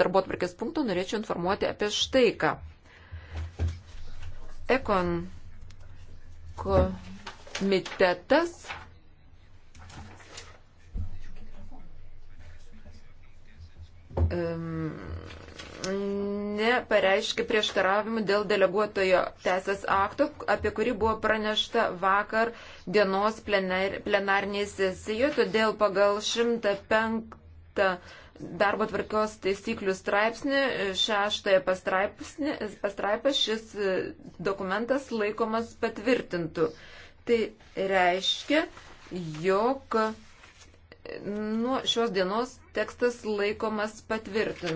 darbo atvarkės punktų norėčiau informuoti apie štai ką. Ekon komitetas um, nepareiškė prieštaravimų dėl deleguotojo teisės akto, apie kurį buvo pranešta vakar dienos plenar, plenarnėje sesijoje, todėl pagal 105 darbo tvarkos taisyklių straipsnį, šeštąją pastraipą šis e, dokumentas laikomas patvirtintų. Tai reiškia, jog e, nuo šios dienos tekstas laikomas patvirtintų.